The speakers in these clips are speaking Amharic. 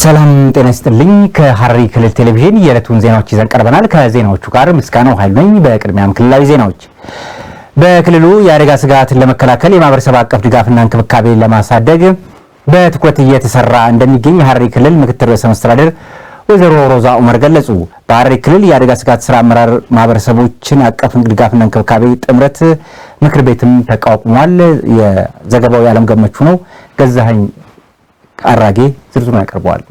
ሰላም ጤና ይስጥልኝ። ከሐረሪ ክልል ቴሌቪዥን የዕለቱን ዜናዎች ይዘን ቀርበናል። ከዜናዎቹ ጋር ምስጋናው ኃይል ነኝ። በቅድሚያም ክልላዊ ዜናዎች። በክልሉ የአደጋ ስጋትን ለመከላከል የማህበረሰብ አቀፍ ድጋፍና እንክብካቤ ለማሳደግ በትኩረት እየተሰራ እንደሚገኝ የሐረሪ ክልል ምክትል ርዕሰ መስተዳደር ወይዘሮ ሮዛ ኡመር ገለጹ። በሐረሪ ክልል የአደጋ ስጋት ስራ አመራር ማህበረሰቦችን አቀፍ ድጋፍና እንክብካቤ ጥምረት ምክር ቤትም ተቋቁሟል። የዘገባው የዓለም ገመቹ ነው። ገዛኸኝ አራጌ ዝርዝሩን ያቀርበዋል።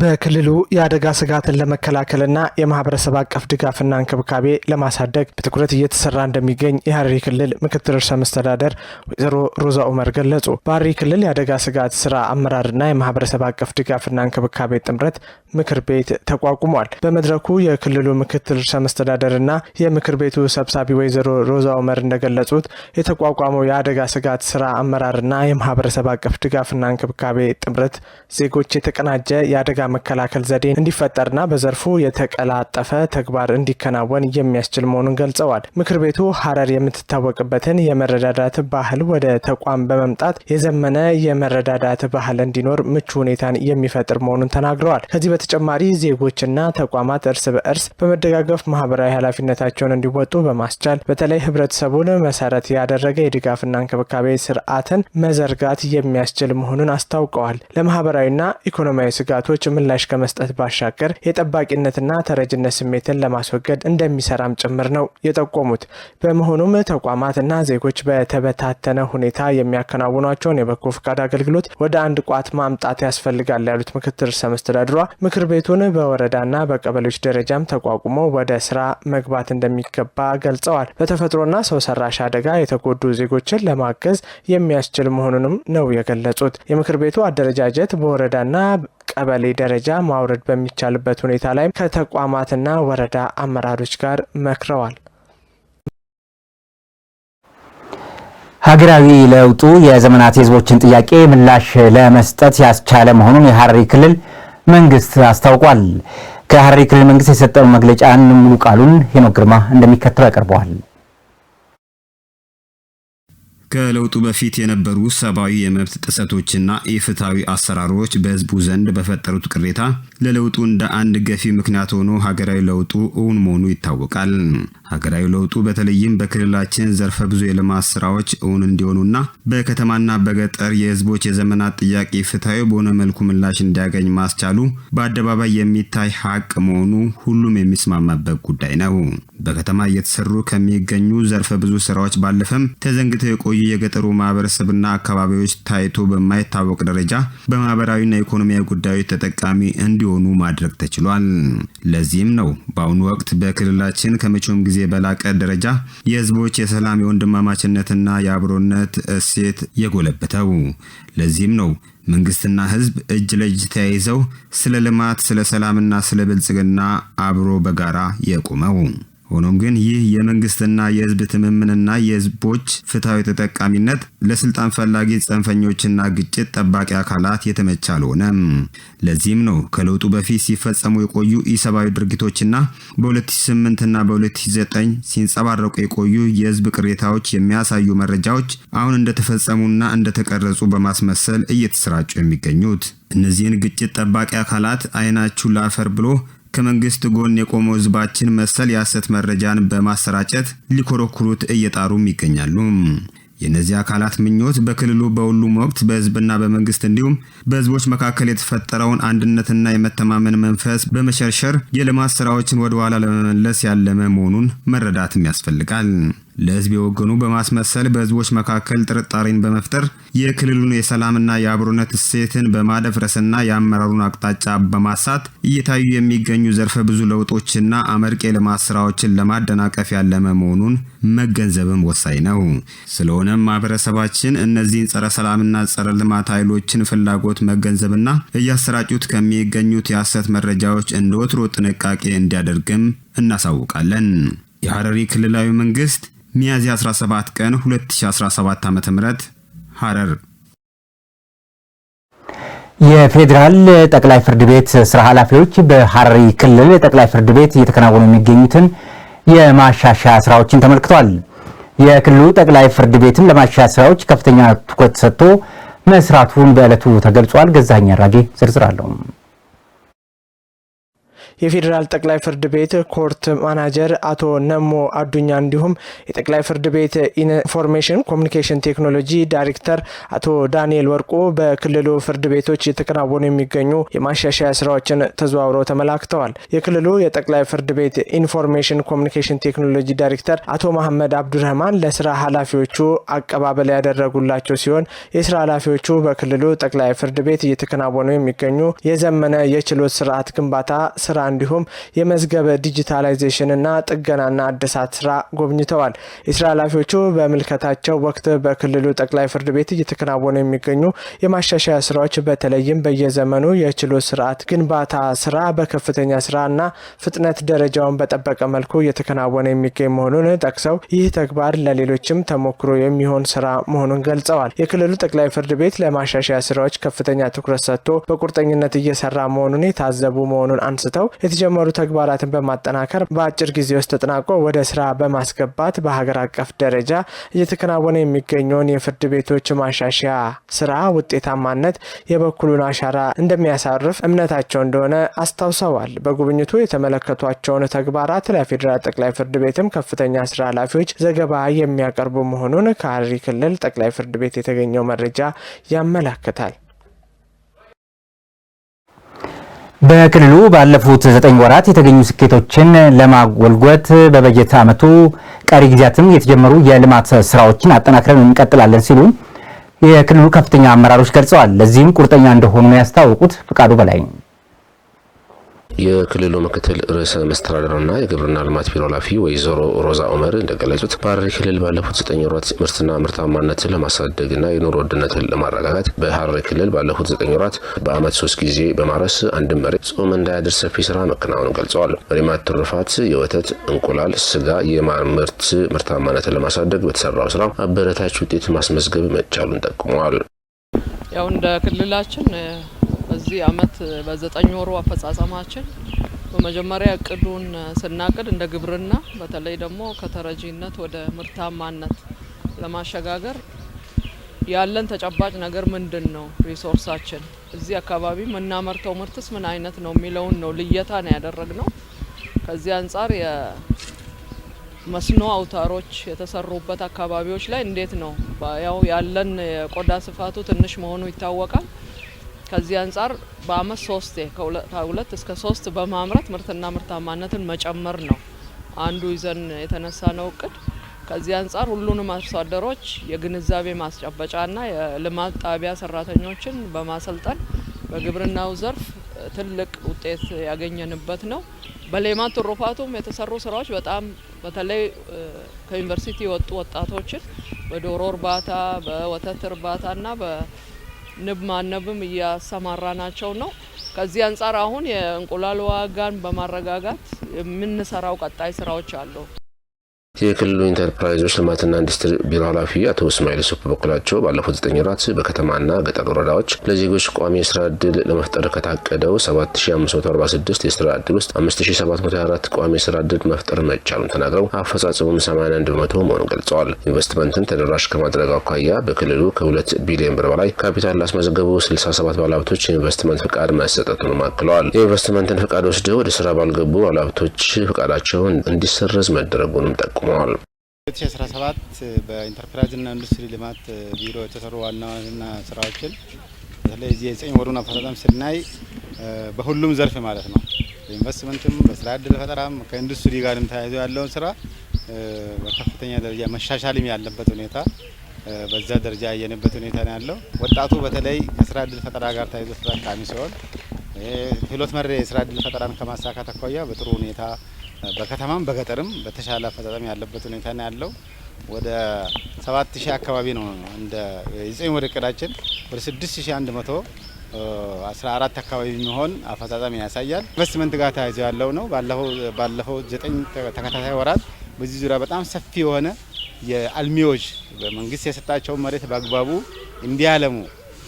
በክልሉ የአደጋ ስጋትን ለመከላከልና የማህበረሰብ አቀፍ ድጋፍና እንክብካቤ ለማሳደግ በትኩረት እየተሰራ እንደሚገኝ የሀሪ ክልል ምክትል ርዕሰ መስተዳደር ወይዘሮ ሮዛ ኡመር ገለጹ። በሀረሪ ክልል የአደጋ ስጋት ስራ አመራርና የማህበረሰብ አቀፍ ድጋፍና እንክብካቤ ጥምረት ምክር ቤት ተቋቁሟል። በመድረኩ የክልሉ ምክትል ርዕሰ መስተዳደርና የምክር ቤቱ ሰብሳቢ ወይዘሮ ሮዛ ኡመር እንደገለጹት የተቋቋመው የአደጋ ስጋት ስራ አመራርና የማህበረሰብ አቀፍ ድጋፍና እንክብካቤ ጥምረት ዜጎች የተቀናጀ የአደጋ የአደጋ መከላከል ዘዴ እንዲፈጠርና በዘርፉ የተቀላጠፈ ተግባር እንዲከናወን የሚያስችል መሆኑን ገልጸዋል። ምክር ቤቱ ሀረር የምትታወቅበትን የመረዳዳት ባህል ወደ ተቋም በመምጣት የዘመነ የመረዳዳት ባህል እንዲኖር ምቹ ሁኔታን የሚፈጥር መሆኑን ተናግረዋል። ከዚህ በተጨማሪ ዜጎችና ተቋማት እርስ በእርስ በመደጋገፍ ማህበራዊ ኃላፊነታቸውን እንዲወጡ በማስቻል በተለይ ህብረተሰቡን መሰረት ያደረገ የድጋፍና እንክብካቤ ስርዓትን መዘርጋት የሚያስችል መሆኑን አስታውቀዋል። ለማህበራዊና ኢኮኖሚያዊ ስጋቶች ምላሽ ከመስጠት ባሻገር የጠባቂነትና ተረጅነት ስሜትን ለማስወገድ እንደሚሰራም ጭምር ነው የጠቆሙት። በመሆኑም ተቋማትና ዜጎች በተበታተነ ሁኔታ የሚያከናውኗቸውን የበጎ ፈቃድ አገልግሎት ወደ አንድ ቋት ማምጣት ያስፈልጋል ያሉት ምክትል ርዕሰ መስተዳድሯ ምክር ቤቱን በወረዳና በቀበሌዎች ደረጃም ተቋቁሞ ወደ ስራ መግባት እንደሚገባ ገልጸዋል። በተፈጥሮና ሰው ሰራሽ አደጋ የተጎዱ ዜጎችን ለማገዝ የሚያስችል መሆኑንም ነው የገለጹት። የምክር ቤቱ አደረጃጀት በወረዳና ቀበሌ ደረጃ ማውረድ በሚቻልበት ሁኔታ ላይ ከተቋማትና ወረዳ አመራሮች ጋር መክረዋል። ሀገራዊ ለውጡ የዘመናት ህዝቦችን ጥያቄ ምላሽ ለመስጠት ያስቻለ መሆኑን የሐረሪ ክልል መንግስት አስታውቋል። ከሀረሪ ክልል መንግስት የሰጠውን መግለጫን ሙሉ ቃሉን ሄኖክ ግርማ እንደሚከተለው ያቀርበዋል። ከለውጡ በፊት የነበሩ ሰብአዊ የመብት ጥሰቶችና የፍትሐዊ አሰራሮች በህዝቡ ዘንድ በፈጠሩት ቅሬታ ለለውጡ እንደ አንድ ገፊ ምክንያት ሆኖ ሀገራዊ ለውጡ እውን መሆኑ ይታወቃል። ሀገራዊ ለውጡ በተለይም በክልላችን ዘርፈ ብዙ የልማት ስራዎች እውን እንዲሆኑና በከተማና በገጠር የህዝቦች የዘመናት ጥያቄ ፍትሐዊ በሆነ መልኩ ምላሽ እንዲያገኝ ማስቻሉ በአደባባይ የሚታይ ሀቅ መሆኑ ሁሉም የሚስማማበት ጉዳይ ነው። በከተማ እየተሰሩ ከሚገኙ ዘርፈ ብዙ ስራዎች ባለፈም ተዘንግተው የቆዩ የገጠሩ ማህበረሰብና አካባቢዎች ታይቶ በማይታወቅ ደረጃ በማህበራዊና ኢኮኖሚያዊ ጉዳዮች ተጠቃሚ እንዲሆኑ ማድረግ ተችሏል። ለዚህም ነው በአሁኑ ወቅት በክልላችን ከመቼውም ጊዜ ጊዜ በላቀ ደረጃ የህዝቦች የሰላም የወንድማማችነትና የአብሮነት እሴት የጎለበተው። ለዚህም ነው መንግስትና ህዝብ እጅ ለእጅ ተያይዘው ስለ ልማት፣ ስለ ሰላምና ስለ ብልጽግና አብሮ በጋራ የቆመው። ሆኖም ግን ይህ የመንግስትና የህዝብ ትምምንና የህዝቦች ፍትሐዊ ተጠቃሚነት ለስልጣን ፈላጊ ጽንፈኞችና ግጭት ጠባቂ አካላት የተመቸ አልሆነም። ለዚህም ነው ከለውጡ በፊት ሲፈጸሙ የቆዩ ኢሰብአዊ ድርጊቶችና በ2008ና በ2009 ሲንጸባረቁ የቆዩ የህዝብ ቅሬታዎች የሚያሳዩ መረጃዎች አሁን እንደተፈጸሙና እንደተቀረጹ በማስመሰል እየተሰራጩ የሚገኙት እነዚህን ግጭት ጠባቂ አካላት አይናችሁ ላፈር ብሎ ከመንግስት ጎን የቆመው ህዝባችን መሰል የሐሰት መረጃን በማሰራጨት ሊኮረኩሩት እየጣሩም ይገኛሉ። የእነዚህ አካላት ምኞት በክልሉ በሁሉም ወቅት በህዝብና በመንግስት እንዲሁም በህዝቦች መካከል የተፈጠረውን አንድነትና የመተማመን መንፈስ በመሸርሸር የልማት ስራዎችን ወደኋላ ለመመለስ ያለመ መሆኑን መረዳትም ያስፈልጋል። ለህዝብ የወገኑ በማስመሰል በህዝቦች መካከል ጥርጣሬን በመፍጠር የክልሉን የሰላምና የአብሮነት እሴትን በማደፍረስና የአመራሩን አቅጣጫ በማሳት እየታዩ የሚገኙ ዘርፈ ብዙ ለውጦችና አመርቂ የልማት ስራዎችን ለማደናቀፍ ያለመ መሆኑን መገንዘብም ወሳኝ ነው። ስለሆነም ማህበረሰባችን እነዚህን ጸረ ሰላምና ጸረ ልማት ኃይሎችን ፍላጎት መገንዘብና እያሰራጩት ከሚገኙት የሐሰት መረጃዎች እንደ ወትሮ ጥንቃቄ እንዲያደርግም እናሳውቃለን። የሐረሪ ክልላዊ መንግስት ሚያዝያ 17 ቀን 2017 ዓ.ም ሐረር የፌዴራል ጠቅላይ ፍርድ ቤት ስራ ኃላፊዎች በሐረሪ ክልል ጠቅላይ ፍርድ ቤት እየተከናወኑ የሚገኙትን የማሻሻያ ስራዎችን ተመልክቷል። የክልሉ ጠቅላይ ፍርድ ቤትም ለማሻሻያ ስራዎች ከፍተኛ ትኩረት ሰጥቶ መስራቱን በዕለቱ ተገልጿል። ገዛኸኝ አራጌ ዝርዝር አለው። የፌዴራል ጠቅላይ ፍርድ ቤት ኮርት ማናጀር አቶ ነሞ አዱኛ እንዲሁም የጠቅላይ ፍርድ ቤት ኢንፎርሜሽን ኮሚኒኬሽን ቴክኖሎጂ ዳይሬክተር አቶ ዳንኤል ወርቁ በክልሉ ፍርድ ቤቶች የተከናወኑ የሚገኙ የማሻሻያ ስራዎችን ተዘዋውረው ተመላክተዋል። የክልሉ የጠቅላይ ፍርድ ቤት ኢንፎርሜሽን ኮሚኒኬሽን ቴክኖሎጂ ዳይሬክተር አቶ መሐመድ አብዱረህማን ለስራ ኃላፊዎቹ አቀባበል ያደረጉላቸው ሲሆን የስራ ኃላፊዎቹ በክልሉ ጠቅላይ ፍርድ ቤት እየተከናወኑ የሚገኙ የዘመነ የችሎት ስርዓት ግንባታ ስራ እንዲሁም የመዝገበ ዲጂታላይዜሽንና ጥገናና አደሳት ስራ ጎብኝተዋል። የስራ ኃላፊዎቹ በምልከታቸው ወቅት በክልሉ ጠቅላይ ፍርድ ቤት እየተከናወኑ የሚገኙ የማሻሻያ ስራዎች በተለይም በየዘመኑ የችሎት ስርዓት ግንባታ ስራ በከፍተኛ ስራና ፍጥነት ደረጃውን በጠበቀ መልኩ እየተከናወነ የሚገኝ መሆኑን ጠቅሰው ይህ ተግባር ለሌሎችም ተሞክሮ የሚሆን ስራ መሆኑን ገልጸዋል። የክልሉ ጠቅላይ ፍርድ ቤት ለማሻሻያ ስራዎች ከፍተኛ ትኩረት ሰጥቶ በቁርጠኝነት እየሰራ መሆኑን የታዘቡ መሆኑን አንስተው የተጀመሩ ተግባራትን በማጠናከር በአጭር ጊዜ ውስጥ ተጠናቆ ወደ ስራ በማስገባት በሀገር አቀፍ ደረጃ እየተከናወነ የሚገኘውን የፍርድ ቤቶች ማሻሻያ ስራ ውጤታማነት የበኩሉን አሻራ እንደሚያሳርፍ እምነታቸው እንደሆነ አስታውሰዋል። በጉብኝቱ የተመለከቷቸውን ተግባራት ለፌዴራል ጠቅላይ ፍርድ ቤትም ከፍተኛ ስራ ኃላፊዎች ዘገባ የሚያቀርቡ መሆኑን ከሐረሪ ክልል ጠቅላይ ፍርድ ቤት የተገኘው መረጃ ያመላክታል። በክልሉ ባለፉት ዘጠኝ ወራት የተገኙ ስኬቶችን ለማጎልጎት በበጀት ዓመቱ ቀሪ ጊዜያትም የተጀመሩ የልማት ስራዎችን አጠናክረን እንቀጥላለን ሲሉ የክልሉ ከፍተኛ አመራሮች ገልጸዋል። ለዚህም ቁርጠኛ እንደሆኑ ያስታወቁት ፍቃዱ በላይ የክልሉ ምክትል ርዕሰ መስተዳደርና የግብርና ልማት ቢሮ ኃላፊ ወይዘሮ ሮዛ ኦመር እንደገለጹት ሐረሪ ክልል ባለፉት ዘጠኝ ወራት ምርትና ምርታማነትን ለማሳደግና የኑሮ ውድነትን ለማረጋጋት በሐረሪ ክልል ባለፉት ዘጠኝ ወራት በዓመት ሶስት ጊዜ በማረስ አንድም መሬት ጾም እንዳያድር ሰፊ ስራ መከናወኑን ገልጸዋል። የሌማት ትሩፋት የወተት፣ እንቁላል፣ ስጋ የማር ምርት ምርታማነትን ለማሳደግ በተሰራው ስራ አበረታች ውጤት ማስመዝገብ መቻሉን ጠቁመዋል። ያው እንደ ክልላችን በዚህ አመት በዘጠኝ ወሩ አፈጻጸማችን በመጀመሪያ እቅዱን ስናቅድ እንደ ግብርና በተለይ ደግሞ ከተረጂነት ወደ ምርታማነት ለማሸጋገር ያለን ተጨባጭ ነገር ምንድን ነው? ሪሶርሳችን እዚህ አካባቢ የምናመርተው ምርትስ ምን አይነት ነው የሚለውን ነው ልየታ ነው ያደረግ ነው። ከዚህ አንጻር የመስኖ አውታሮች የተሰሩበት አካባቢዎች ላይ እንዴት ነው ያው ያለን የቆዳ ስፋቱ ትንሽ መሆኑ ይታወቃል። ከዚህ አንጻር በአመት ሶስቴ ከሁለት እስከ ሶስት በማምረት ምርትና ምርታማነትን መጨመር ነው አንዱ ይዘን የተነሳ ነው እቅድ። ከዚህ አንጻር ሁሉንም አርሶ አደሮች የግንዛቤ ማስጨበጫና የልማት ጣቢያ ሰራተኞችን በማሰልጠን በግብርናው ዘርፍ ትልቅ ውጤት ያገኘንበት ነው። በሌማት ትሩፋቱም የተሰሩ ስራዎች በጣም በተለይ ከዩኒቨርሲቲ የወጡ ወጣቶችን በዶሮ እርባታ፣ በወተት እርባታና ንብ ማነብም እያሰማራ ናቸው ነው። ከዚህ አንጻር አሁን የእንቁላል ዋጋን በማረጋጋት የምንሰራው ቀጣይ ስራዎች አሉ። የክልሉ ኢንተርፕራይዞች ልማትና ኢንዱስትሪ ቢሮ ኃላፊ አቶ እስማኤል ሱፍ በኩላቸው ባለፉት ዘጠኝ ወራት በከተማና ገጠር ወረዳዎች ለዜጎች ቋሚ የስራ እድል ለመፍጠር ከታቀደው 7546 የስራ እድል ውስጥ 5724 ቋሚ የስራ እድል መፍጠር መቻሉን ተናግረው አፈጻጸሙም 81 በመቶ መሆኑን ገልጸዋል። ኢንቨስትመንትን ተደራሽ ከማድረግ አኳያ በክልሉ ከ2 ቢሊዮን ብር በላይ ካፒታል ላስመዘገቡ 67 ባለሀብቶች የኢንቨስትመንት ፍቃድ መሰጠቱንም አክለዋል። የኢንቨስትመንትን ፍቃድ ወስደው ወደ ስራ ባልገቡ ባለሀብቶች ፍቃዳቸውን እንዲሰረዝ መደረጉንም ጠቁሟል። ጠቁመዋል። 2017 በኢንተርፕራይዝና ኢንዱስትሪ ልማት eh, ቢሮ የተሰሩ ዋና ዋና ስራዎችን በተለይ እዚህ የዘጠኝ ወሩን አፈጻጸም ስናይ eh, በሁሉም ዘርፍ ማለት ነው በኢንቨስትመንትም በስራ እድል ፈጠራም ከኢንዱስትሪ ጋርም ተያይዞ ያለውን ስራ eh, በከፍተኛ ደረጃ መሻሻልም ያለበት ሁኔታ በዛ ደረጃ ያየንበት ሁኔታ ነው ያለው። ወጣቱ በተለይ ከስራ እድል ፈጠራ ጋር ተያይዞ ተጠቃሚ ሲሆን ክህሎት መር የስራ እድል ፈጠራን ከማሳካት አኳያ በጥሩ ሁኔታ በከተማም በገጠርም በተሻለ አፈጻጸም ያለበት ሁኔታ ነው ያለው። ወደ 7000 አካባቢ ነው እንደ የዘጠኝ ወደ እቅዳችን ወደ 6100 14 አካባቢ የሚሆን አፈጻጸም ያሳያል። ኢንቨስትመንት ጋር ተያይዞ ያለው ነው። ባለፈው ባለፈው 9 ተከታታይ ወራት በዚህ ዙሪያ በጣም ሰፊ የሆነ የአልሚዎች በመንግስት የሰጣቸውን መሬት በአግባቡ እንዲያለሙ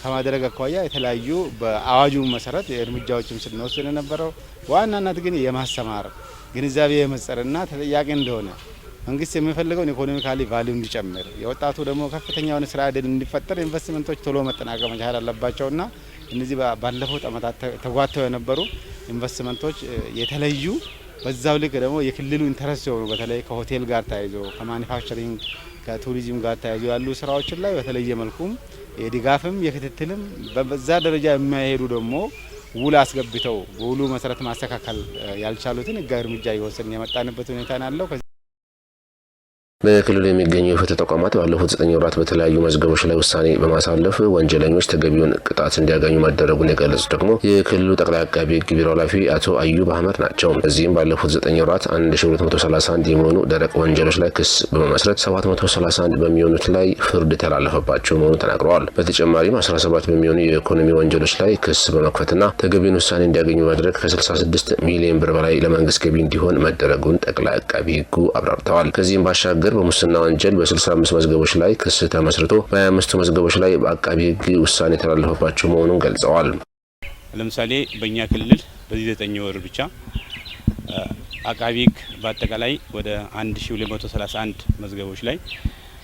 ከማድረግ አኳያ የተለያዩ በአዋጁ መሰረት እርምጃዎችም ስንወስድ የነበረው ዋናነት ግን የማስተማር ግንዛቤ የመፍጠርና ተጠያቂ እንደሆነ መንግስት የሚፈልገውን ኢኮኖሚካሊ ቫሊዩ እንዲጨምር የወጣቱ ደግሞ ከፍተኛ የሆነ ስራ ዕድል እንዲፈጠር ኢንቨስትመንቶች ቶሎ መጠናቀቅ መቻል አለባቸውና እነዚህ ባለፉት ዓመታት ተጓተው የነበሩ ኢንቨስትመንቶች የተለዩ በዛው ልክ ደግሞ የክልሉ ኢንተረስት የሆኑ በተለይ ከሆቴል ጋር ተያይዞ ከማኒፋክቸሪንግ ከቱሪዝም ጋር ተያይዞ ያሉ ስራዎችን ላይ በተለየ መልኩም የድጋፍም የክትትልም በዛ ደረጃ የማይሄዱ ደግሞ ውል አስገብተው በውሉ መሰረት ማስተካከል ያልቻሉትን ህጋዊ እርምጃ እየወሰድን የመጣንበት ሁኔታ ናለው። በክልሉ የሚገኙ የፍትህ ተቋማት ባለፉት ዘጠኝ ወራት በተለያዩ መዝገቦች ላይ ውሳኔ በማሳለፍ ወንጀለኞች ተገቢውን ቅጣት እንዲያገኙ መደረጉን የገለጹ ደግሞ የክልሉ ጠቅላይ አቃቢ ህግ ቢሮ ኃላፊ አቶ አዩብ አህመድ ናቸው። በዚህም ባለፉት ዘጠኝ ወራት 1231 የሚሆኑ ደረቅ ወንጀሎች ላይ ክስ በመመስረት 731 በሚሆኑት ላይ ፍርድ የተላለፈባቸው መሆኑን ተናግረዋል። በተጨማሪም 17 በሚሆኑ የኢኮኖሚ ወንጀሎች ላይ ክስ በመክፈትና ተገቢውን ውሳኔ እንዲያገኙ ማድረግ ከ66 ሚሊዮን ብር በላይ ለመንግስት ገቢ እንዲሆን መደረጉን ጠቅላይ አቃቢ ህጉ አብራርተዋል። ከዚህም ባሻገር በመንደር በሙስና ወንጀል በ65 መዝገቦች ላይ ክስ ተመስርቶ በ25ቱ መዝገቦች ላይ በአቃቢ ህግ ውሳኔ የተላለፈባቸው መሆኑን ገልጸዋል። ለምሳሌ በእኛ ክልል በዚህ ዘጠኝ ወር ብቻ አቃቢ ህግ በአጠቃላይ ወደ 1231 መዝገቦች ላይ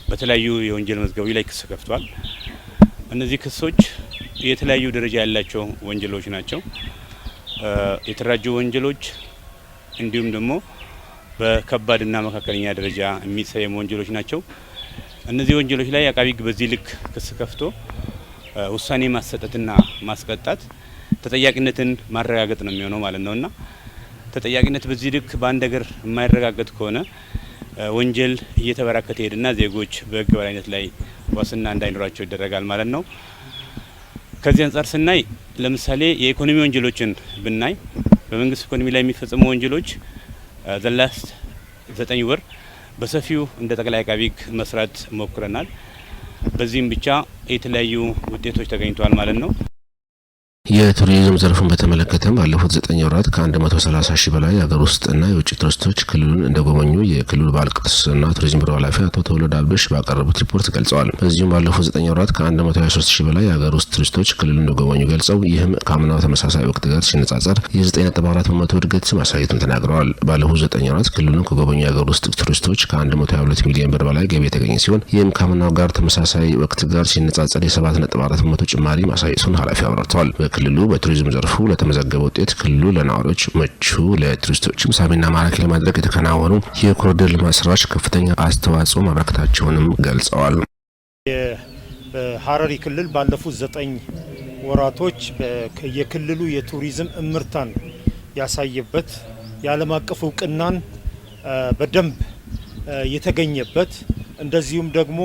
በተለያዩ የወንጀል መዝገቦች ላይ ክስ ከፍቷል። እነዚህ ክሶች የተለያዩ ደረጃ ያላቸው ወንጀሎች ናቸው። የተደራጁ ወንጀሎች እንዲሁም ደግሞ በከባድና መካከለኛ ደረጃ የሚሰየሙ ወንጀሎች ናቸው። እነዚህ ወንጀሎች ላይ አቃቢ ህግ በዚህ ልክ ክስ ከፍቶ ውሳኔ ማሰጠትና ማስቀጣት ተጠያቂነትን ማረጋገጥ ነው የሚሆነው ማለት ነው እና ተጠያቂነት በዚህ ልክ በአንድ ሀገር የማይረጋገጥ ከሆነ ወንጀል እየተበራከተ ሄድና ዜጎች በህግ በላይነት ላይ ዋስና እንዳይኖራቸው ይደረጋል ማለት ነው። ከዚህ አንጻር ስናይ ለምሳሌ የኢኮኖሚ ወንጀሎችን ብናይ በመንግስት ኢኮኖሚ ላይ የሚፈጽሙ ወንጀሎች ዘላስ uh, ዘጠኝ ወር በሰፊው እንደ ጠቅላይ አቃቢ ሕግ መስራት ሞክረናል። በዚህም ብቻ የተለያዩ ውጤቶች ተገኝተዋል ማለት ነው። የቱሪዝም ዘርፉን በተመለከተ ባለፉት ዘጠኝ ወራት ከ130 ሺህ በላይ የሀገር ውስጥና የውጭ ቱሪስቶች ክልሉን እንደጎበኙ የክልሉ ባህል ቅርስና ቱሪዝም ቢሮ ኃላፊ አቶ ተውለድ አብሽ ባቀረቡት ሪፖርት ገልጸዋል። በዚሁም ባለፉት ዘጠኝ ወራት ከ123 ሺህ በላይ የሀገር ውስጥ ቱሪስቶች ክልሉን እንደጎበኙ ገልጸው ይህም ከአምናው ተመሳሳይ ወቅት ጋር ሲነጻጸር የ9.4 በመቶ እድገት ማሳየቱን ተናግረዋል። ባለፉት ዘጠኝ ወራት ክልሉን ከጎበኙ የሀገር ውስጥ ቱሪስቶች ከ122 ሚሊዮን ብር በላይ ገቢ የተገኘ ሲሆን ይህም ከአምናው ጋር ተመሳሳይ ወቅት ጋር ሲነጻጸር የ7.4 በመቶ ጭማሪ ማሳየቱን ኃላፊ አብራርተዋል። ክልሉ በቱሪዝም ዘርፉ ለተመዘገበ ውጤት ክልሉ ለነዋሪዎች ምቹ ለቱሪስቶችም ሳቢና ማራኪ ለማድረግ የተከናወኑ የኮሪደር ልማት ስራዎች ከፍተኛ አስተዋጽኦ ማበረከታቸውንም ገልጸዋል። በሀረሪ ክልል ባለፉት ዘጠኝ ወራቶች የክልሉ የቱሪዝም እምርታን ያሳየበት የዓለም አቀፍ እውቅናን በደንብ የተገኘበት እንደዚሁም ደግሞ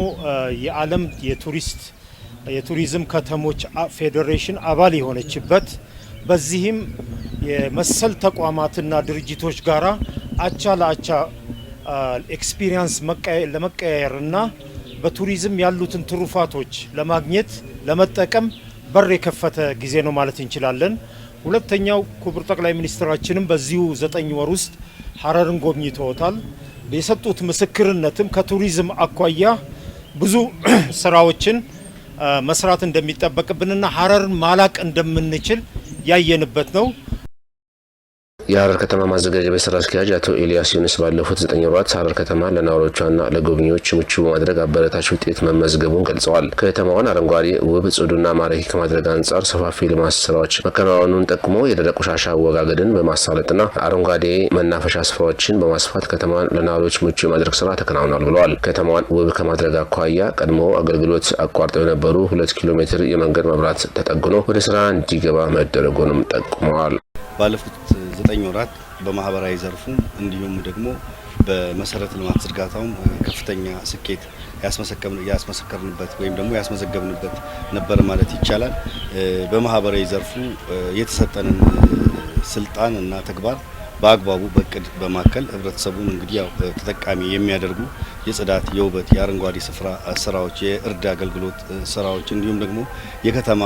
የዓለም የቱሪስት የቱሪዝም ከተሞች ፌዴሬሽን አባል የሆነችበት በዚህም የመሰል ተቋማትና ድርጅቶች ጋር አቻ ለአቻ ኤክስፒሪየንስ ለመቀያየርና በቱሪዝም ያሉትን ትሩፋቶች ለማግኘት ለመጠቀም በር የከፈተ ጊዜ ነው ማለት እንችላለን። ሁለተኛው ክቡር ጠቅላይ ሚኒስትራችንም በዚሁ ዘጠኝ ወር ውስጥ ሀረርን ጎብኝተውታል። የሰጡት ምስክርነትም ከቱሪዝም አኳያ ብዙ ስራዎችን መስራት እንደሚጠበቅብንና ሀረርን ማላቅ እንደምንችል ያየንበት ነው። የሐረር ከተማ ማዘጋጃ ቤት ስራ አስኪያጅ አቶ ኤልያስ ዩንስ ባለፉት ዘጠኝ ወራት ሐረር ከተማ ለነዋሪዎቿና ለጎብኚዎች ምቹ በማድረግ አበረታች ውጤት መመዝገቡን ገልጸዋል። ከተማዋን አረንጓዴ፣ ውብ፣ ጽዱና ማራኪ ከማድረግ አንጻር ሰፋፊ ልማት ስራዎች መከናወኑን ጠቁሞ የደረቅ ቆሻሻ አወጋገድን በማሳለጥና አረንጓዴ መናፈሻ ስፍራዎችን በማስፋት ከተማዋን ለነዋሪዎች ምቹ የማድረግ ስራ ተከናውኗል ብለዋል። ከተማዋን ውብ ከማድረግ አኳያ ቀድሞ አገልግሎት አቋርጠው የነበሩ ሁለት ኪሎ ሜትር የመንገድ መብራት ተጠግኖ ወደ ስራ እንዲገባ መደረጉንም ጠቁመዋል። ባለፉት ዘጠኝ ወራት በማህበራዊ ዘርፉም እንዲሁም ደግሞ በመሰረተ ልማት ዝርጋታውም ከፍተኛ ስኬት ያስመሰከርንበት ወይም ደግሞ ያስመዘገብንበት ነበር ማለት ይቻላል። በማህበራዊ ዘርፉ የተሰጠንን ስልጣን እና ተግባር በአግባቡ በእቅድ በማከል ህብረተሰቡን እንግዲህ ያው ተጠቃሚ የሚያደርጉ የጽዳት፣ የውበት፣ የአረንጓዴ ስፍራ ስራዎች፣ የእርድ አገልግሎት ስራዎች እንዲሁም ደግሞ የከተማ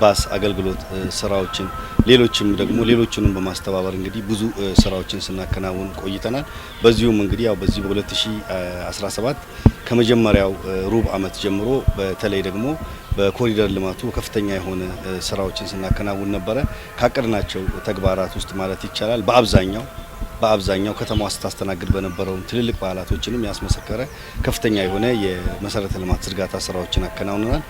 ባስ አገልግሎት ስራዎችን ሌሎችም ደግሞ ሌሎችንም በማስተባበር እንግዲህ ብዙ ስራዎችን ስናከናውን ቆይተናል። በዚሁም እንግዲህ ያው በዚህ በ2017 ከመጀመሪያው ሩብ ዓመት ጀምሮ በተለይ ደግሞ በኮሪደር ልማቱ ከፍተኛ የሆነ ስራዎችን ስናከናውን ነበረ። ካቀድናቸው ተግባራት ውስጥ ማለት ይቻላል በአብዛኛው በአብዛኛው ከተማዋ ስታስተናግድ በነበረው ትልልቅ በዓላቶችንም ያስመሰከረ ከፍተኛ የሆነ የመሰረተ ልማት ዝርጋታ ስራዎችን አከናውነናል።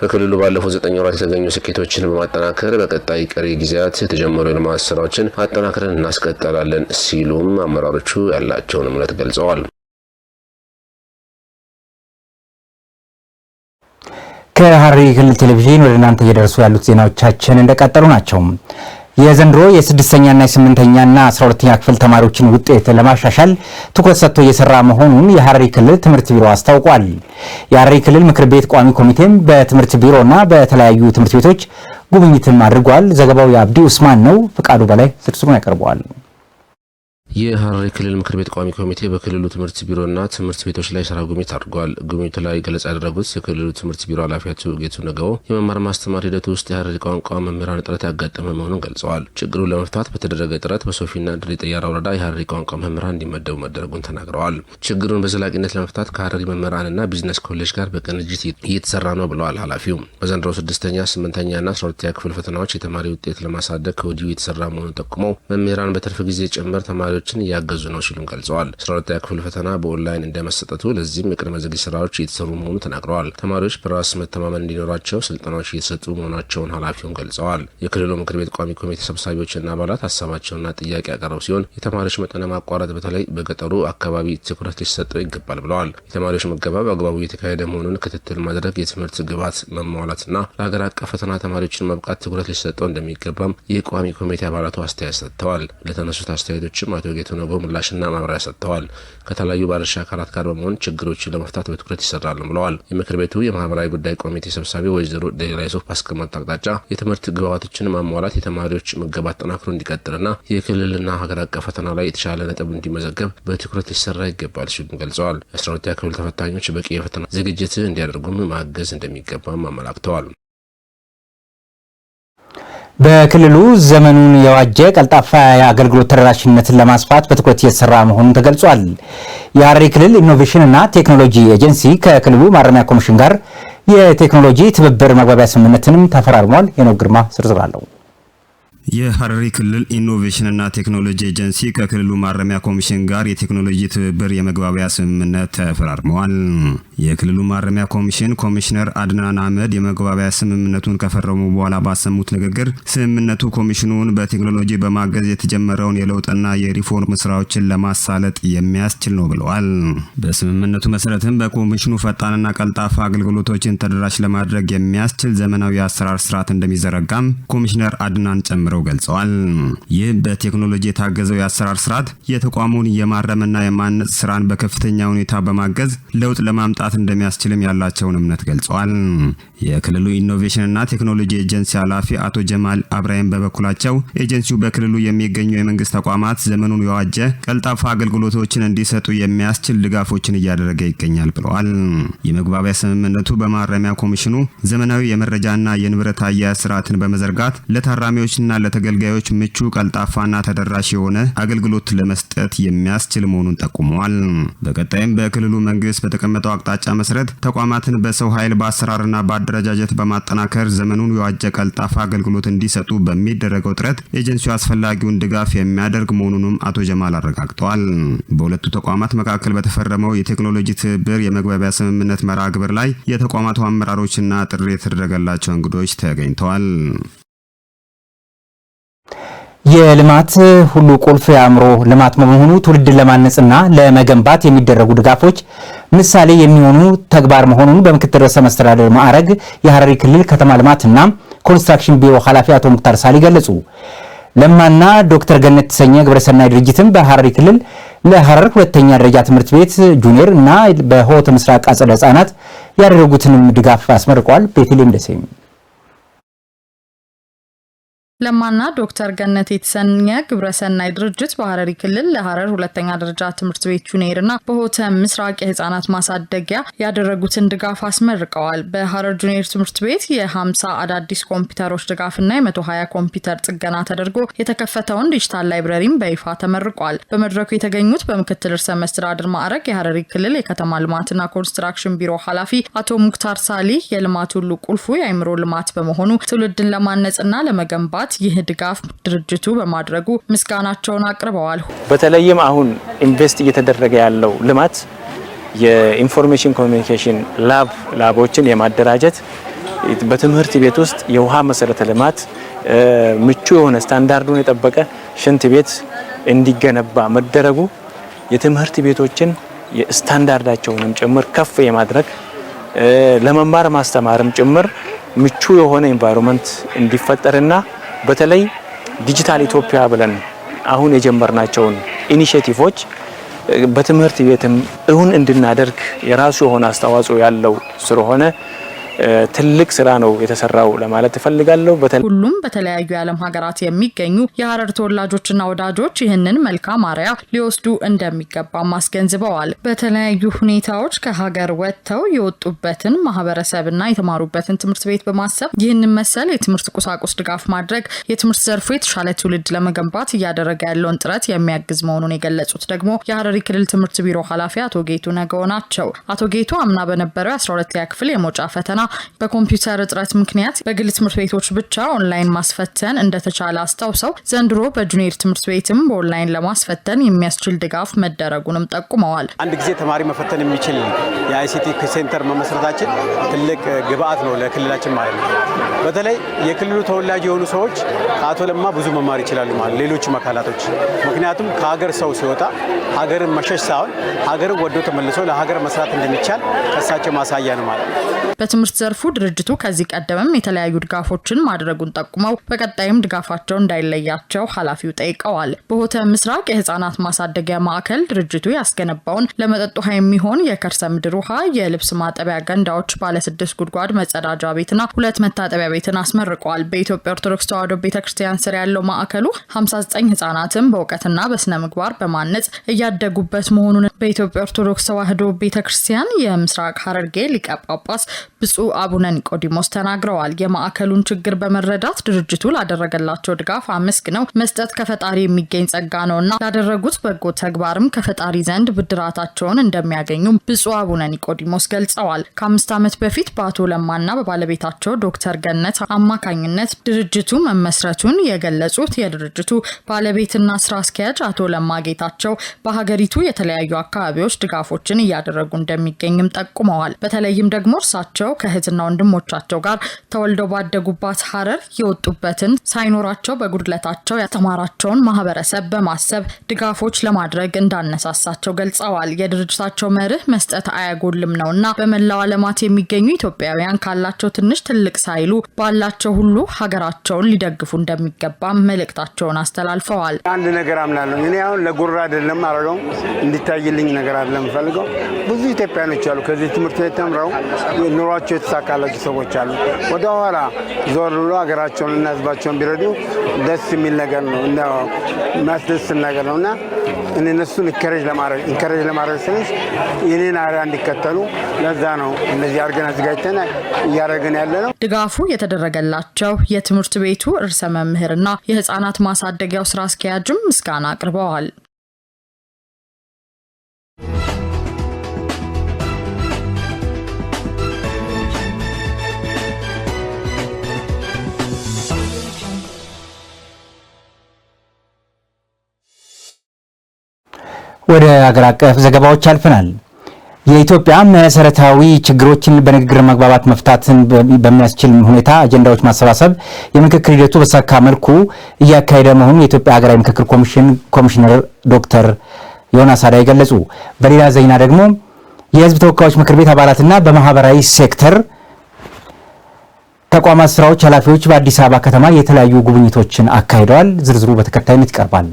በክልሉ ባለፉት ዘጠኝ ወራት የተገኙ ስኬቶችን በማጠናከር በቀጣይ ቀሪ ጊዜያት የተጀመሩ የልማት ስራዎችን አጠናክረን እናስቀጠላለን ሲሉም አመራሮቹ ያላቸውን እምነት ገልጸዋል። ከሐረሪ ክልል ቴሌቪዥን ወደ እናንተ እየደርሱ ያሉት ዜናዎቻችን እንደቀጠሉ ናቸው። የዘንድሮ የስድስተኛና የስምንተኛና አስራ ሁለተኛ ክፍል ተማሪዎችን ውጤት ለማሻሻል ትኩረት ሰጥቶ እየሰራ መሆኑን የሐረሪ ክልል ትምህርት ቢሮ አስታውቋል። የሐረሪ ክልል ምክር ቤት ቋሚ ኮሚቴም በትምህርት ቢሮና በተለያዩ ትምህርት ቤቶች ጉብኝትም አድርጓል። ዘገባው የአብዲ ኡስማን ነው። ፍቃዱ በላይ ዝርዝሩን ያቀርበዋል። የሐረሪ ክልል ምክር ቤት ቋሚ ኮሚቴ በክልሉ ትምህርት ቢሮና ትምህርት ቤቶች ላይ ስራ ጉብኝት አድርጓል። ጉብኝቱ ላይ ገለጻ ያደረጉት የክልሉ ትምህርት ቢሮ ኃላፊ አቶ ጌቱ ነገቦ የመማር ማስተማር ሂደቱ ውስጥ የሐረሪ ቋንቋ መምህራን እጥረት ያጋጠመ መሆኑን ገልጸዋል። ችግሩን ለመፍታት በተደረገ ጥረት በሶፊና ድሬ ጠያራ ወረዳ የሐረሪ ቋንቋ መምህራን እንዲመደቡ መደረጉን ተናግረዋል። ችግሩን በዘላቂነት ለመፍታት ከሐረሪ መምህራንና ቢዝነስ ኮሌጅ ጋር በቅንጅት እየተሰራ ነው ብለዋል ኃላፊው። በዘንድሮ ስድስተኛ ስምንተኛና አስራ ሁለተኛ ክፍል ፈተናዎች የተማሪ ውጤት ለማሳደግ ከወዲሁ የተሰራ መሆኑን ጠቁመው መምህራን በትርፍ ጊዜ ጭምር ተማሪዎች ተማሪዎችን እያገዙ ነው ሲሉም ገልጸዋል። አስራ ሁለተኛ ክፍል ፈተና በኦንላይን እንደመሰጠቱ ለዚህም የቅድመ ዝግጅ ስራዎች እየተሰሩ መሆኑ ተናግረዋል። ተማሪዎች በራስ መተማመን እንዲኖራቸው ስልጠናዎች እየተሰጡ መሆናቸውን ኃላፊውን ገልጸዋል። የክልሉ ምክር ቤት ቋሚ ኮሚቴ ሰብሳቢዎችና አባላት ሀሳባቸውና ጥያቄ ያቀረቡ ሲሆን የተማሪዎች መጠነ ማቋረጥ በተለይ በገጠሩ አካባቢ ትኩረት ሊሰጠው ይገባል ብለዋል። የተማሪዎች ምገባ በአግባቡ እየተካሄደ መሆኑን ክትትል ማድረግ፣ የትምህርት ግብዓት መሟላትና ለሀገር አቀፍ ፈተና ተማሪዎችን መብቃት ትኩረት ሊሰጠው እንደሚገባም የቋሚ ኮሚቴ አባላቱ አስተያየት ሰጥተዋል። ለተነሱት አስተያየቶችም አቶ አቶ ጌትነው በምላሽና ማብራሪያ ሰጥተዋል። ከተለያዩ ባለድርሻ አካላት ጋር በመሆን ችግሮችን ለመፍታት በትኩረት ይሰራሉ ብለዋል። የምክር ቤቱ የማህበራዊ ጉዳይ ኮሚቴ ሰብሳቢ ወይዘሮ ሌላ ይሶፍ ባስቀመጡት አቅጣጫ የትምህርት ግብዓቶችን ማሟላት፣ የተማሪዎች ምገባ አጠናክሮ እንዲቀጥልና የክልልና ሀገር አቀፍ ፈተና ላይ የተሻለ ነጥብ እንዲመዘገብ በትኩረት ሊሰራ ይገባል ሲሉም ገልጸዋል። የአስራ ሁለተኛ ክፍል ተፈታኞች በቂ የፈተና ዝግጅት እንዲያደርጉም ማገዝ እንደሚገባም አመላክተዋል። በክልሉ ዘመኑን የዋጀ ቀልጣፋ የአገልግሎት ተደራሽነትን ለማስፋት በትኩረት እየተሰራ መሆኑን ተገልጿል። የሐረሪ ክልል ኢኖቬሽን እና ቴክኖሎጂ ኤጀንሲ ከክልሉ ማረሚያ ኮሚሽን ጋር የቴክኖሎጂ ትብብር መግባቢያ ስምምነትንም ተፈራርሟል። የነው ግርማ ዝርዝር አለው። የሐረሪ ክልል ኢኖቬሽንና ቴክኖሎጂ ኤጀንሲ ከክልሉ ማረሚያ ኮሚሽን ጋር የቴክኖሎጂ ትብብር የመግባቢያ ስምምነት ተፈራርመዋል። የክልሉ ማረሚያ ኮሚሽን ኮሚሽነር አድናን አህመድ የመግባቢያ ስምምነቱን ከፈረሙ በኋላ ባሰሙት ንግግር ስምምነቱ ኮሚሽኑን በቴክኖሎጂ በማገዝ የተጀመረውን የለውጥና የሪፎርም ስራዎችን ለማሳለጥ የሚያስችል ነው ብለዋል። በስምምነቱ መሰረትም በኮሚሽኑ ፈጣንና ቀልጣፋ አገልግሎቶችን ተደራሽ ለማድረግ የሚያስችል ዘመናዊ አሰራር ስርዓት እንደሚዘረጋም ኮሚሽነር አድናን ጨምረው ገልጸዋል። ይህ በቴክኖሎጂ የታገዘው የአሰራር ስርዓት የተቋሙን የማረምና የማነጽ ስራን በከፍተኛ ሁኔታ በማገዝ ለውጥ ለማምጣት እንደሚያስችልም ያላቸውን እምነት ገልጸዋል። የክልሉ ኢኖቬሽንና ቴክኖሎጂ ኤጀንሲ ኃላፊ አቶ ጀማል አብራሂም በበኩላቸው ኤጀንሲው በክልሉ የሚገኙ የመንግስት ተቋማት ዘመኑን የዋጀ ቀልጣፋ አገልግሎቶችን እንዲሰጡ የሚያስችል ድጋፎችን እያደረገ ይገኛል ብለዋል። የመግባቢያ ስምምነቱ በማረሚያ ኮሚሽኑ ዘመናዊ የመረጃና የንብረት አያያዝ ስርዓትን በመዘርጋት ለታራሚዎችና ለተገልጋዮች ምቹ፣ ቀልጣፋና ተደራሽ የሆነ አገልግሎት ለመስጠት የሚያስችል መሆኑን ጠቁመዋል። በቀጣይም በክልሉ መንግስት በተቀመጠው አቅጣጫ መሰረት ተቋማትን በሰው ኃይል በአሰራርና በአደረጃጀት በማጠናከር ዘመኑን የዋጀ ቀልጣፋ አገልግሎት እንዲሰጡ በሚደረገው ጥረት ኤጀንሲው አስፈላጊውን ድጋፍ የሚያደርግ መሆኑንም አቶ ጀማል አረጋግጠዋል። በሁለቱ ተቋማት መካከል በተፈረመው የቴክኖሎጂ ትብብር የመግባቢያ ስምምነት መርሃ ግብር ላይ የተቋማቱ አመራሮችና ጥሪ የተደረገላቸው እንግዶች ተገኝተዋል። የልማት ሁሉ ቁልፍ የአእምሮ ልማት መሆኑ ትውልድን ለማነጽና ለመገንባት የሚደረጉ ድጋፎች ምሳሌ የሚሆኑ ተግባር መሆኑን በምክትል ርዕሰ መስተዳደር ማዕረግ የሐረሪ ክልል ከተማ ልማትና ኮንስትራክሽን ቢሮ ኃላፊ አቶ ሙክታር ሳሊ ገለጹ። ለማና ዶክተር ገነት የተሰኘ ግብረሰናይ ድርጅትም በሐረሪ ክልል ለሐረር ሁለተኛ ደረጃ ትምህርት ቤት ጁኒየር እና በሆት ምስራቅ አጸደ ህጻናት ያደረጉትንም ድጋፍ አስመርቋል። ቤተልሔም ደሴም ለማና ዶክተር ገነት የተሰኘ ግብረሰናይ ድርጅት በሀረሪ ክልል ለሀረር ሁለተኛ ደረጃ ትምህርት ቤት ጁኔርና በሆተ ምስራቅ የህጻናት ማሳደጊያ ያደረጉትን ድጋፍ አስመርቀዋል። በሀረር ጁኔር ትምህርት ቤት የ50 አዳዲስ ኮምፒውተሮች ድጋፍና የ120 ኮምፒውተር ጥገና ተደርጎ የተከፈተውን ዲጂታል ላይብረሪም በይፋ ተመርቋል። በመድረኩ የተገኙት በምክትል ርዕሰ መስተዳድር ማዕረግ የሀረሪ ክልል የከተማ ልማትና ኮንስትራክሽን ቢሮ ኃላፊ አቶ ሙክታር ሳሊ የልማት ሁሉ ቁልፉ የአይምሮ ልማት በመሆኑ ትውልድን ለማነጽና ለመገንባት አባላት ይህ ድጋፍ ድርጅቱ በማድረጉ ምስጋናቸውን አቅርበዋል። በተለይም አሁን ኢንቨስት እየተደረገ ያለው ልማት የኢንፎርሜሽን ኮሚኒኬሽን ላብ ላቦችን የማደራጀት በትምህርት ቤት ውስጥ የውሃ መሰረተ ልማት ምቹ የሆነ ስታንዳርዱን የጠበቀ ሽንት ቤት እንዲገነባ መደረጉ የትምህርት ቤቶችን የስታንዳርዳቸውንም ጭምር ከፍ የማድረግ ለመማር ማስተማርም ጭምር ምቹ የሆነ ኤንቫይሮንመንት እንዲፈጠርና በተለይ ዲጂታል ኢትዮጵያ ብለን አሁን የጀመርናቸውን ኢኒሼቲቮች በትምህርት ቤትም እሁን እንድናደርግ የራሱ የሆነ አስተዋጽኦ ያለው ስለሆነ ትልቅ ስራ ነው የተሰራው ለማለት እፈልጋለሁ። ሁሉም በተለያዩ የዓለም ሀገራት የሚገኙ የሀረር ተወላጆችና ወዳጆች ይህንን መልካም አርያ ሊወስዱ እንደሚገባም አስገንዝበዋል። በተለያዩ ሁኔታዎች ከሀገር ወጥተው የወጡበትን ማህበረሰብና የተማሩበትን ትምህርት ቤት በማሰብ ይህንን መሰል የትምህርት ቁሳቁስ ድጋፍ ማድረግ የትምህርት ዘርፉ የተሻለ ትውልድ ለመገንባት እያደረገ ያለውን ጥረት የሚያግዝ መሆኑን የገለጹት ደግሞ የሀረሪ ክልል ትምህርት ቢሮ ኃላፊ አቶ ጌቱ ነገው ናቸው። አቶ ጌቱ አምና በነበረው የ12ኛ ክፍል የመውጫ ፈተና በኮምፒውተር እጥረት ምክንያት በግል ትምህርት ቤቶች ብቻ ኦንላይን ማስፈተን እንደተቻለ አስታውሰው ዘንድሮ በጁኒየር ትምህርት ቤትም በኦንላይን ለማስፈተን የሚያስችል ድጋፍ መደረጉንም ጠቁመዋል። አንድ ጊዜ ተማሪ መፈተን የሚችል የአይሲቲ ሴንተር መመስረታችን ትልቅ ግብአት ነው ለክልላችን ማለት ነው። በተለይ የክልሉ ተወላጅ የሆኑ ሰዎች ከአቶ ለማ ብዙ መማር ይችላሉ ማለት ሌሎች አካላቶች ምክንያቱም ከሀገር ሰው ሲወጣ ሀገርን መሸሽ ሳይሆን ሀገርን ወዶ ተመልሶ ለሀገር መስራት እንደሚቻል ከሳቸው ማሳያ ነው ማለት ነው። በትምህርት ዘርፉ ድርጅቱ ከዚህ ቀደምም የተለያዩ ድጋፎችን ማድረጉን ጠቁመው በቀጣይም ድጋፋቸው እንዳይለያቸው ኃላፊው ጠይቀዋል። በሆተ ምስራቅ የህጻናት ማሳደጊያ ማዕከል ድርጅቱ ያስገነባውን ለመጠጥ ውሃ የሚሆን የከርሰ ምድር ውሃ፣ የልብስ ማጠቢያ ገንዳዎች፣ ባለስድስት ጉድጓድ መጸዳጃ ቤትና ሁለት መታጠቢያ ቤትን አስመርቀዋል። በኢትዮጵያ ኦርቶዶክስ ተዋሕዶ ቤተክርስቲያን ስር ያለው ማዕከሉ 59 ህጻናትን በእውቀትና በስነ ምግባር በማነጽ እያደጉበት መሆኑን በኢትዮጵያ ኦርቶዶክስ ተዋሕዶ ቤተክርስቲያን የምስራቅ ሀረርጌ ሊቀ ጳጳስ ብፁዕ ብፁዕ አቡነ ኒቆዲሞስ ተናግረዋል። የማዕከሉን ችግር በመረዳት ድርጅቱ ላደረገላቸው ድጋፍ አመስግነው መስጠት ከፈጣሪ የሚገኝ ጸጋ ነውና ላደረጉት በጎ ተግባርም ከፈጣሪ ዘንድ ብድራታቸውን እንደሚያገኙ ብፁዕ አቡነ ኒቆዲሞስ ገልጸዋል። ከአምስት ዓመት በፊት በአቶ ለማና በባለቤታቸው ዶክተር ገነት አማካኝነት ድርጅቱ መመስረቱን የገለጹት የድርጅቱ ባለቤትና ስራ አስኪያጅ አቶ ለማ ጌታቸው በሀገሪቱ የተለያዩ አካባቢዎች ድጋፎችን እያደረጉ እንደሚገኝም ጠቁመዋል። በተለይም ደግሞ እርሳቸው ከ ከእህትና ወንድሞቻቸው ጋር ተወልደው ባደጉባት ሀረር የወጡበትን ሳይኖራቸው በጉድለታቸው ያስተማራቸውን ማህበረሰብ በማሰብ ድጋፎች ለማድረግ እንዳነሳሳቸው ገልጸዋል። የድርጅታቸው መርህ መስጠት አያጎልም ነውና በመላው ዓለማት የሚገኙ ኢትዮጵያውያን ካላቸው ትንሽ ትልቅ ሳይሉ ባላቸው ሁሉ ሀገራቸውን ሊደግፉ እንደሚገባ መልእክታቸውን አስተላልፈዋል። አንድ ነገር አምናለሁ እኔ አሁን ለጉራ አይደለም አረገው እንዲታይልኝ ነገር አለ ምፈልገው ብዙ ኢትዮጵያኖች አሉ ከዚህ ትምህርት ቤት ተምረው ኑሯቸው የተሳካላቸው ሰዎች አሉ። ወደ ኋላ ዞር ብሎ ሀገራቸውን እና ህዝባቸውን ቢረዱ ደስ የሚል ነገር ነው፣ የሚያስደስት ነገር ነው እና እነሱን ኢንከሬጅ ለማድረግ ኢንከሬጅ ለማድረግ ስንሽ የኔን አሪያ እንዲከተሉ ለዛ ነው እነዚህ አድርገን አዘጋጅተን እያደረግን ያለ ነው። ድጋፉ የተደረገላቸው የትምህርት ቤቱ እርሰ መምህርና የህፃናት ማሳደጊያው ስራ አስኪያጅም ምስጋና አቅርበዋል። ወደ አገር አቀፍ ዘገባዎች አልፈናል። የኢትዮጵያ መሰረታዊ ችግሮችን በንግግር መግባባት መፍታትን በሚያስችል ሁኔታ አጀንዳዎች ማሰባሰብ የምክክር ሂደቱ በሳካ መልኩ እያካሄደ መሆኑን የኢትዮጵያ ሀገራዊ ምክክር ኮሚሽን ኮሚሽነር ዶክተር ዮናስ አዳይ ገለጹ። በሌላ ዜና ደግሞ የህዝብ ተወካዮች ምክር ቤት አባላትና በማህበራዊ ሴክተር ተቋማት ስራዎች ኃላፊዎች በአዲስ አበባ ከተማ የተለያዩ ጉብኝቶችን አካሂደዋል። ዝርዝሩ በተከታይነት ይቀርባል።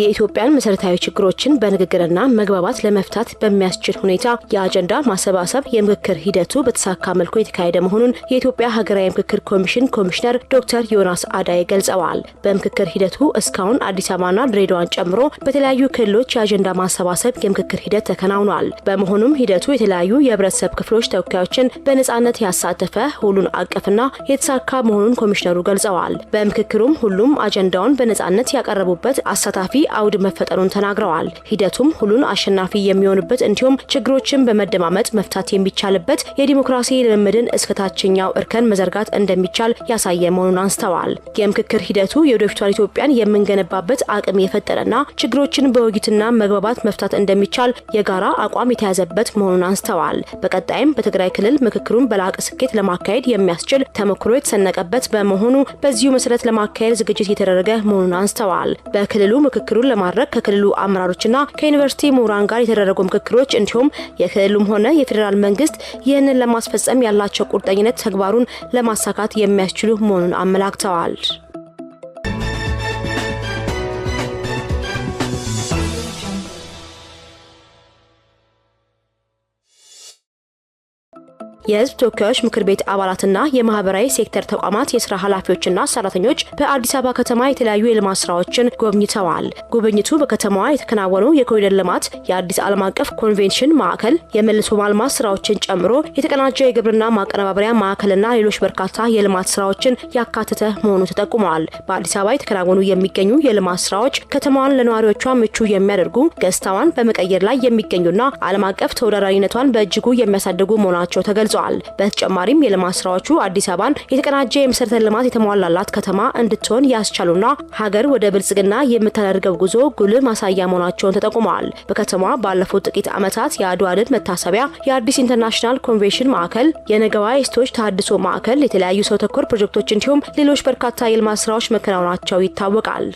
የኢትዮጵያን መሰረታዊ ችግሮችን በንግግርና መግባባት ለመፍታት በሚያስችል ሁኔታ የአጀንዳ ማሰባሰብ የምክክር ሂደቱ በተሳካ መልኩ የተካሄደ መሆኑን የኢትዮጵያ ሀገራዊ ምክክር ኮሚሽን ኮሚሽነር ዶክተር ዮናስ አዳይ ገልጸዋል። በምክክር ሂደቱ እስካሁን አዲስ አበባና ድሬዳዋን ጨምሮ በተለያዩ ክልሎች የአጀንዳ ማሰባሰብ የምክክር ሂደት ተከናውኗል። በመሆኑም ሂደቱ የተለያዩ የህብረተሰብ ክፍሎች ተወካዮችን በነጻነት ያሳተፈ ሁሉን አቀፍና የተሳካ መሆኑን ኮሚሽነሩ ገልጸዋል። በምክክሩም ሁሉም አጀንዳውን በነጻነት ያቀረቡበት አሳታፊ አውድ መፈጠሩን ተናግረዋል። ሂደቱም ሁሉን አሸናፊ የሚሆንበት እንዲሁም ችግሮችን በመደማመጥ መፍታት የሚቻልበት የዲሞክራሲ ልምምድን እስከ ታችኛው እርከን መዘርጋት እንደሚቻል ያሳየ መሆኑን አንስተዋል። የምክክር ሂደቱ የወደፊቷን ኢትዮጵያን የምንገነባበት አቅም የፈጠረና ችግሮችን በውይይትና መግባባት መፍታት እንደሚቻል የጋራ አቋም የተያዘበት መሆኑን አንስተዋል። በቀጣይም በትግራይ ክልል ምክክሩን በላቀ ስኬት ለማካሄድ የሚያስችል ተሞክሮ የተሰነቀበት በመሆኑ በዚሁ መሰረት ለማካሄድ ዝግጅት የተደረገ መሆኑን አንስተዋል። በክልሉ ምክክሩ ምክክሩን ለማድረግ ከክልሉ አመራሮችና ከዩኒቨርሲቲ ምሁራን ጋር የተደረጉ ምክክሮች እንዲሁም የክልሉም ሆነ የፌዴራል መንግስት ይህንን ለማስፈጸም ያላቸው ቁርጠኝነት ተግባሩን ለማሳካት የሚያስችሉ መሆኑን አመላክተዋል። የህዝብ ተወካዮች ምክር ቤት አባላትና የማህበራዊ ሴክተር ተቋማት የስራ ኃላፊዎችና ሰራተኞች በአዲስ አበባ ከተማ የተለያዩ የልማት ስራዎችን ጎብኝተዋል። ጉብኝቱ በከተማዋ የተከናወኑ የኮሪደር ልማት፣ የአዲስ ዓለም አቀፍ ኮንቬንሽን ማዕከል፣ የመልሶ ማልማት ስራዎችን ጨምሮ የተቀናጀ የግብርና ማቀነባበሪያ ማዕከልና ሌሎች በርካታ የልማት ስራዎችን ያካተተ መሆኑ ተጠቁመዋል። በአዲስ አበባ የተከናወኑ የሚገኙ የልማት ስራዎች ከተማዋን ለነዋሪዎቿ ምቹ የሚያደርጉ ገጽታዋን በመቀየር ላይ የሚገኙና ዓለም አቀፍ ተወዳዳሪነቷን በእጅጉ የሚያሳድጉ መሆናቸው ተገልጿል። ገልጿል። በተጨማሪም የልማት ስራዎቹ አዲስ አበባን የተቀናጀ የመሰረተ ልማት የተሟላላት ከተማ እንድትሆን ያስቻሉና ሀገር ወደ ብልጽግና የምታደርገው ጉዞ ጉልህ ማሳያ መሆናቸውን ተጠቁመዋል። በከተማዋ ባለፉት ጥቂት ዓመታት የአድዋ ድል መታሰቢያ፣ የአዲስ ኢንተርናሽናል ኮንቬንሽን ማዕከል፣ የነገዋ የሴቶች ተሃድሶ ማዕከል፣ የተለያዩ ሰው ተኮር ፕሮጀክቶች እንዲሁም ሌሎች በርካታ የልማት ስራዎች መከናወናቸው ይታወቃል።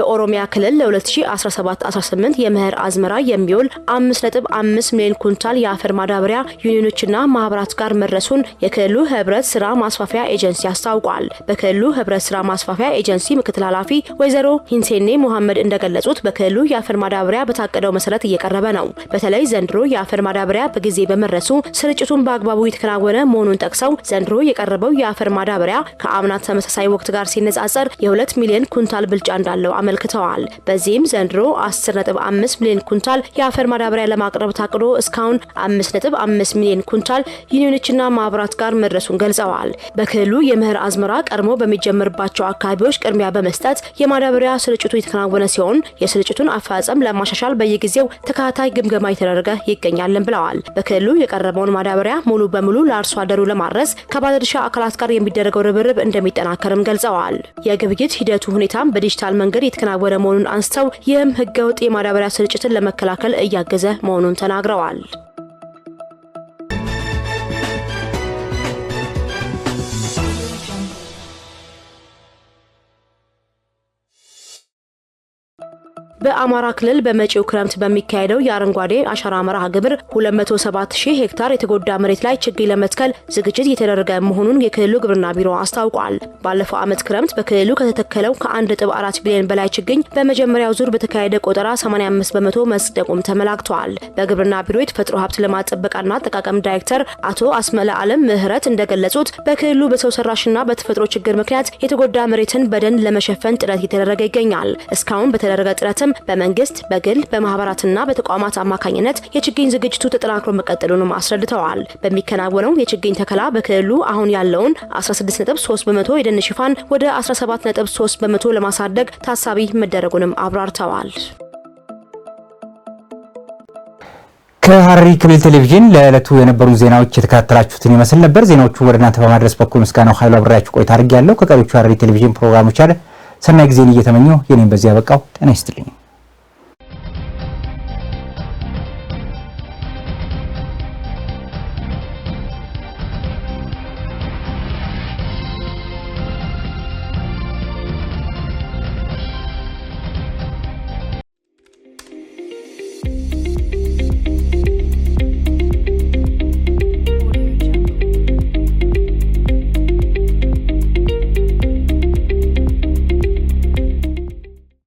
በኦሮሚያ ክልል ለ2017/18 የመኸር አዝመራ የሚውል 5.5 ሚሊዮን ኩንታል የአፈር ማዳበሪያ ዩኒዮኖችና ማህበራት ጋር መድረሱን የክልሉ ህብረት ስራ ማስፋፊያ ኤጀንሲ አስታውቋል። በክልሉ ህብረት ስራ ማስፋፊያ ኤጀንሲ ምክትል ኃላፊ ወይዘሮ ሂንሴኔ ሙሐመድ እንደገለጹት በክልሉ የአፈር ማዳበሪያ በታቀደው መሰረት እየቀረበ ነው። በተለይ ዘንድሮ የአፈር ማዳበሪያ በጊዜ በመድረሱ ስርጭቱን በአግባቡ የተከናወነ መሆኑን ጠቅሰው ዘንድሮ የቀረበው የአፈር ማዳበሪያ ከአምና ተመሳሳይ ወቅት ጋር ሲነጻጸር የሁለት ሚሊዮን ኩንታል ብልጫ እንዳለው አመልክተዋል። በዚህም ዘንድሮ 10.5 ሚሊዮን ኩንታል የአፈር ማዳበሪያ ለማቅረብ ታቅዶ እስካሁን 5.5 ሚሊዮን ኩንታል ዩኒዮኖችና ማህበራት ጋር መድረሱን ገልጸዋል። በክልሉ የምህር አዝመራ ቀድሞ በሚጀምርባቸው አካባቢዎች ቅድሚያ በመስጠት የማዳበሪያ ስርጭቱ የተከናወነ ሲሆን የስርጭቱን አፈጻጸም ለማሻሻል በየጊዜው ተከታታይ ግምገማ የተደረገ ይገኛልን ብለዋል። በክልሉ የቀረበውን ማዳበሪያ ሙሉ በሙሉ ለአርሶ አደሩ ለማድረስ ከባለድርሻ አካላት ጋር የሚደረገው ርብርብ እንደሚጠናከርም ገልጸዋል። የግብይት ሂደቱ ሁኔታም በዲጂታል መንገድ እየተከናወነ መሆኑን አንስተው ይህም ህገወጥ የማዳበሪያ ስርጭትን ለመከላከል እያገዘ መሆኑን ተናግረዋል። በአማራ ክልል በመጪው ክረምት በሚካሄደው የአረንጓዴ አሻራ መርሃ ግብር 270 ሄክታር የተጎዳ መሬት ላይ ችግኝ ለመትከል ዝግጅት እየተደረገ መሆኑን የክልሉ ግብርና ቢሮ አስታውቋል። ባለፈው ዓመት ክረምት በክልሉ ከተተከለው ከ1.4 ቢሊዮን በላይ ችግኝ በመጀመሪያው ዙር በተካሄደ ቆጠራ 85 በመቶ መጽደቁም ተመላክቷል። በግብርና ቢሮ የተፈጥሮ ሀብት ልማት ጥበቃና አጠቃቀም ዳይሬክተር አቶ አስመለ አለም ምህረት እንደገለጹት በክልሉ በሰው ሰራሽና በተፈጥሮ ችግር ምክንያት የተጎዳ መሬትን በደን ለመሸፈን ጥረት እየተደረገ ይገኛል። እስካሁን በተደረገ ጥረትም በመንግስት በግል በማህበራትና በተቋማት አማካኝነት የችግኝ ዝግጅቱ ተጠናክሮ መቀጠሉንም አስረድተዋል። በሚከናወነው የችግኝ ተከላ በክልሉ አሁን ያለውን 16.3 በመቶ የደን ሽፋን ወደ 17.3 በመቶ ለማሳደግ ታሳቢ መደረጉንም አብራርተዋል። ከሐረሪ ክልል ቴሌቪዥን ለዕለቱ የነበሩ ዜናዎች የተከታተላችሁትን ይመስል ነበር። ዜናዎቹ ወደ እናንተ በማድረስ በኩል ምስጋናው ኃይሉ አብሬያችሁ ቆይታ አድርጌያለሁ። ከቀሪዎቹ ሐረሪ ቴሌቪዥን ፕሮግራሞች አለ ሰናይ ጊዜን እየተመኘሁ የኔም በዚያ ያበቃው። ጤና ይስጥልኝ።